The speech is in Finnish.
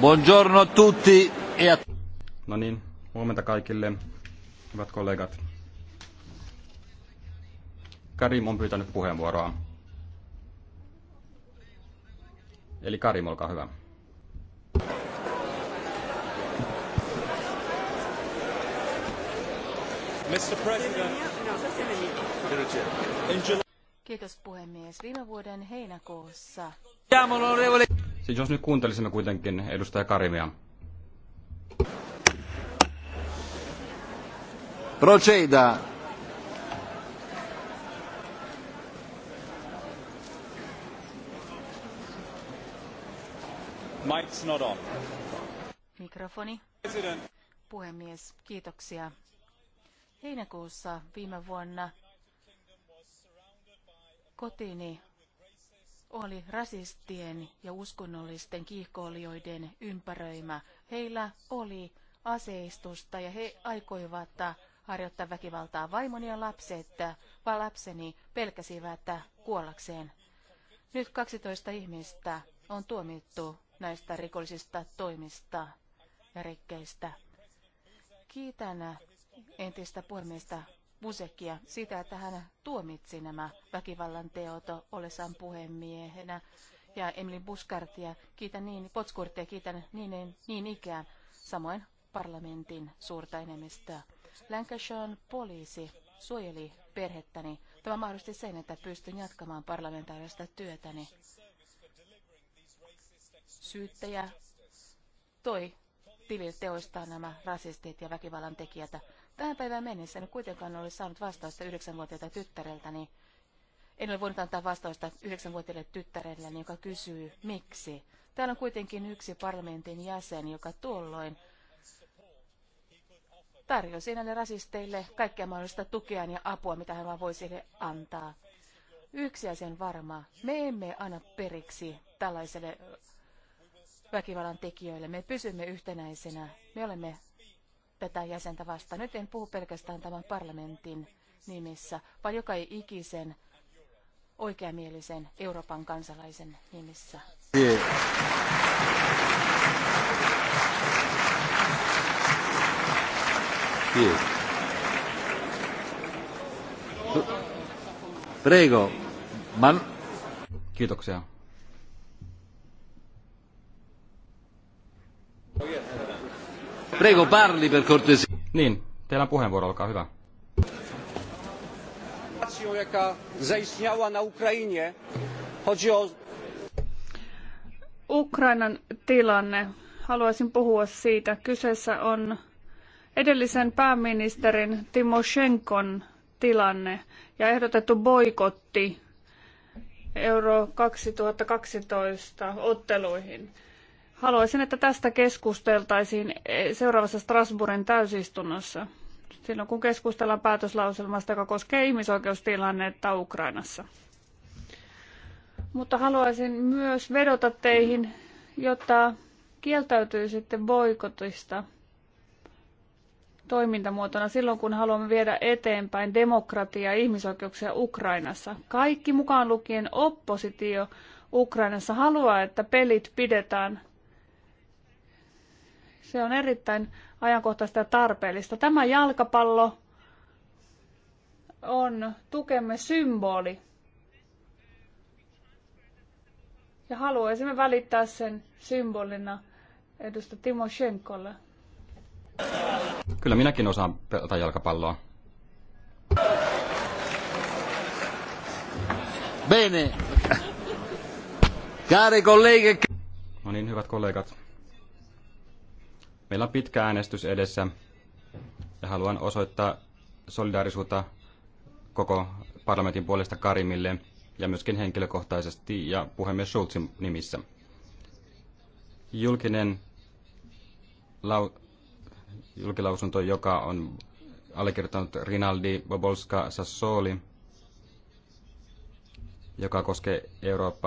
Buongiorno a tutti e a... No niin, huomenta kaikille, hyvät kollegat. Karim on pyytänyt puheenvuoroa. Eli Karim, olkaa hyvä. Mr. President. Kiitos puhemies. Viime vuoden heinäkuussa Siis jos nyt kuuntelisimme kuitenkin edustaja Karimia. Proceda. Mike's not on. Mikrofoni. President. Puhemies, kiitoksia. Heinäkuussa viime vuonna kotiini oli rasistien ja uskonnollisten kiihkoilijoiden ympäröimä. Heillä oli aseistusta ja he aikoivat harjoittaa väkivaltaa vaimoni ja lapset, vaan lapseni pelkäsivät kuollakseen. Nyt 12 ihmistä on tuomittu näistä rikollisista toimista ja rikkeistä. Kiitän entistä puhemiestä Busekia sitä, että hän tuomitsi nämä väkivallan teot olessaan puhemiehenä. Ja Emily Buskartia kiitän niin, Potskurtia kiitän niin, niin ikään, samoin parlamentin suurta enemmistöä. Lancashiren poliisi suojeli perhettäni. Tämä mahdollisti sen, että pystyn jatkamaan parlamentaarista työtäni. Syyttäjä toi tiliteoistaan nämä rasistit ja väkivallan tekijät. Tähän päivään mennessä en kuitenkaan ole saanut vastausta yhdeksänvuotiaalta tyttäreltäni. En ole voinut antaa vastausta yhdeksänvuotiaalle tyttärelle, joka kysyy, miksi. Täällä on kuitenkin yksi parlamentin jäsen, joka tuolloin tarjosi näille rasisteille kaikkea mahdollista tukea ja apua, mitä hän vaan voisi heille antaa. Yksi asia on varma. Me emme anna periksi tällaiselle väkivallan tekijöille. Me pysymme yhtenäisenä. Me olemme tätä jäsentä vastaan. Nyt en puhu pelkästään tämän parlamentin nimissä, vaan joka ikisen oikeamielisen Euroopan kansalaisen nimissä. Prego. Man... Kiitoksia. Prego, parli per cortesia. Niin, teillä puheenvuoro, olkaa hyvä. Ukrainan tilanne. Haluaisin puhua siitä. Kyseessä on edellisen pääministerin Timoshenkon tilanne ja ehdotettu boikotti Euro 2012 otteluihin. Haluaisin, että tästä keskusteltaisiin eh, seuraavassa Strasbourgin täysistunnossa, silloin kun keskustellaan päätöslauselmasta, joka koskee ihmisoikeustilannetta Ukrainassa. Mutta haluaisin myös vedota teihin, jotta kieltäytyisitte boikotista toimintamuotona silloin, kun haluamme viedä eteenpäin demokratiaa ja ihmisoikeuksia Ukrainassa. Kaikki mukaan lukien oppositio Ukrainassa haluaa, että pelit pidetään se on erittäin ajankohtaista ja tarpeellista. Tämä jalkapallo on tukemme symboli. Ja haluaisimme välittää sen symbolina edusta Schenkolle. Kyllä minäkin osaan pelata jalkapalloa. Bene. Cari colleghi. No niin, hyvät kollegat. Meillä on pitkä äänestys edessä ja haluan osoittaa solidaarisuutta koko parlamentin puolesta Karimille ja myöskin henkilökohtaisesti ja puhemies Schulzin nimissä. Julkinen lau, julkilausunto, joka on allekirjoittanut Rinaldi Bobolska Sassoli, joka koskee Eurooppa